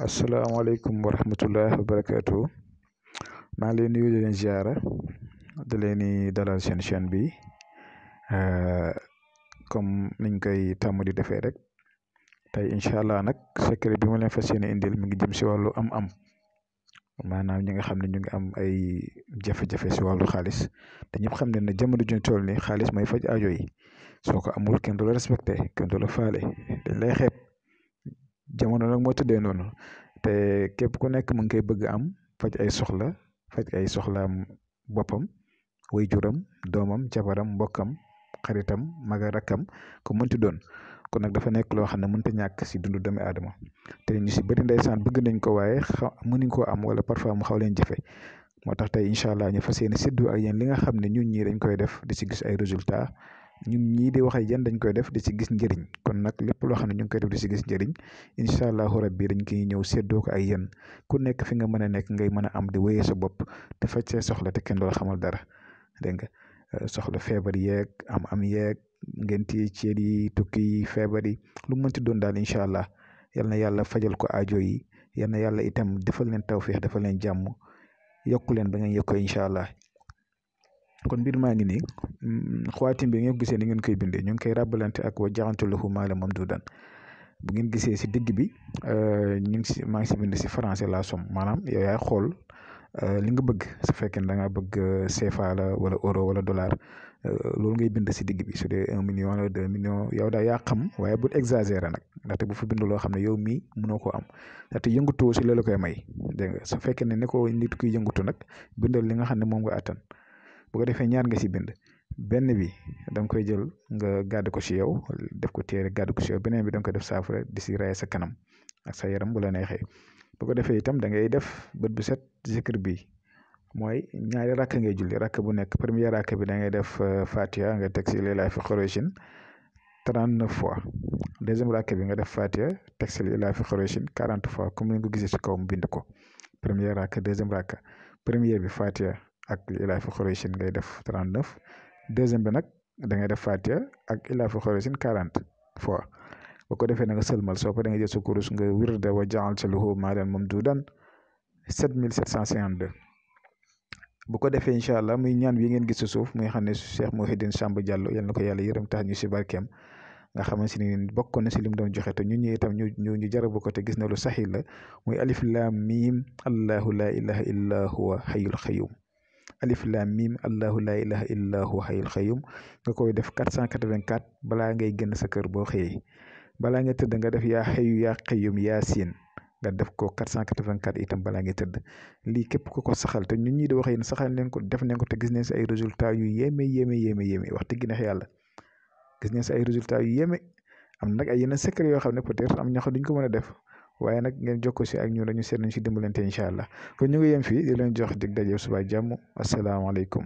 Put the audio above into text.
asalaamaaleykum wa rahmatulah wa barakaatu maa ngi leen nuyu di leen ziara di dalal seen chaîne bi eh, comme niñ koy tàmm di defee rek tey incha allah nag secret bi ma leen fas yéene indil mi ngi jëm si wàllu am-am maanaam ñi nga xam ne ñu ngi am ay jafe-jafe si wàllu xaalis te ñëpp xam ne ne jamono juñ toll nii xaalis may faj aajo yi soo ko amul kenn du la respecté kenn faale dañ lay xeeb. jamono nag moo tuddee noonu te képp ku nekk mu ngi koy bëgg am faj ay soxla faj ay soxlaam boppam way juram doomam jabaram mbokkam xaritam maga rakkam ku mënti doon kon nag dafa nekk loo xam ne mënta ñàkk si dundu doomi aadama te ñu si bëri ndeysaan bëgg nañ ko waaye mënuñ koo am wala parfois mu xaw leen jafe moo tax tey incha ñu fas yéene ak yéen li nga xam ne ñun ñii dañ koy def di si gis ay résultats ñun ñii di wax ak yéen dañ koy def di ci gis njëriñ kon nag lépp loo xam ne ñu ngi koy def di ci gis njëriñ incha allahu rabbi dañ koy ñëw séddoo ko ak yéen ku nekk fi nga mën a nekk ngay mën a am di wéyee sa bopp te faj see soxla te kenn dool xamal dara dégg nga eh, soxla feebar yeeg am am yeeg ngénti ceet yi tukki yi feebar yi lu mënti doon daal incha allah yal na yàlla fajal ko aajo yi yal yàlla itam defal leen tawféex defal leen jàmm yokku leen ba ngeen yokkoo incha allah kon mbir maa ngi nii mm, xawaatim bi ngeen gisee ni ngeen koy bindee ñu ngi koy ràbbalante ak wa jaxantu lahu maala mamdudan bu ngeen gisee si digg bi euh, ñu ngi si maa ngi si si français la somme maanaam yow yaa xool euh, li nga bëgg su fekkee da ngaa bëgg euh, CFA la wala euro wala dollar loolu ngay bind si digg bi su dee un million de deux millions yow daa yaa xam waaye bul exagéré nag ndaxte bu fi bind loo xam ne yow mii mënoo ko am ndaxte yëngatu si la koy may dégg nga su fekkee ne ne ko nit kuy yëngatu nag bindal li nga xam ne moom nga attan bu ko defé ñaar nga ci bind benn bi dang koy jël nga gadd ko ci yow def ko téré gadd ko ci yow benen bi dang nga koy def saafara di ci ray sa kanam ak sa yaram bu la nexé bu ko defé itam da ngay def bët bu set zikr bi moy ñaari rak ngay julli rak bu nek premier rak bi da ngay def euh, fatiha nga tek ci lilaay fi xoroshin 39 fois deuxième rak bi nga def fatiha tek ci lilaay fi xoroshin 40 fois comme ni nga ko gisee si bind ko premier rak deuxième rak premier bi fatiha ak ilaa fi xoreysin ngay def 39 deuxième bi nag da ngay def fatiha ak ilaa fi xoreysin 40 fois boo ko defee na nga sëlmal soo paree da nga jël sa kurus nga wirde wa jaal sa lahu maalan mamduudan 7752 bu ko defee incha allah muy ñaan bi ngeen gis sa suuf muy xam ne Cheikh Mouhidine Samb Diallo yal na ko yàlla yërëm tax ñu si barkeem nga xamante ni bokkoon na si li mu doon joxe te ñun ñi itam ñu ñu ñu jarabu ko te gis na lu saxi la muy alif laam miim allahu laa ilaha illa huwa xayul xayum alif laam miim allahu laa ilaha illa huwa xayul xayum nga koy def 484 balaa ngay génn sa kër boo xëyee balaa nga tëdd nga def yaa xayu yaa xayum yaa siin nga def ko 484 itam balaa ngay tëdd lii képp ku ko saxal te ñun ñii di wax yéen saxal ko def neen ko te gis neen si ay résultats yu yéeme yéeme yéeme yéeme wax dëgg neex yàlla gis neen si ay résultats yu yéeme am nag ay yeneen secret yoo xam ne peut am ñoo xam duñ ko mën def waaye nag ngeen jokkoo si ak ñun rek ñu seet nañ si dimbalante incha allah kon ñu ngi yem fii di leen jox dig daje suba jàmm asalaamaaleykum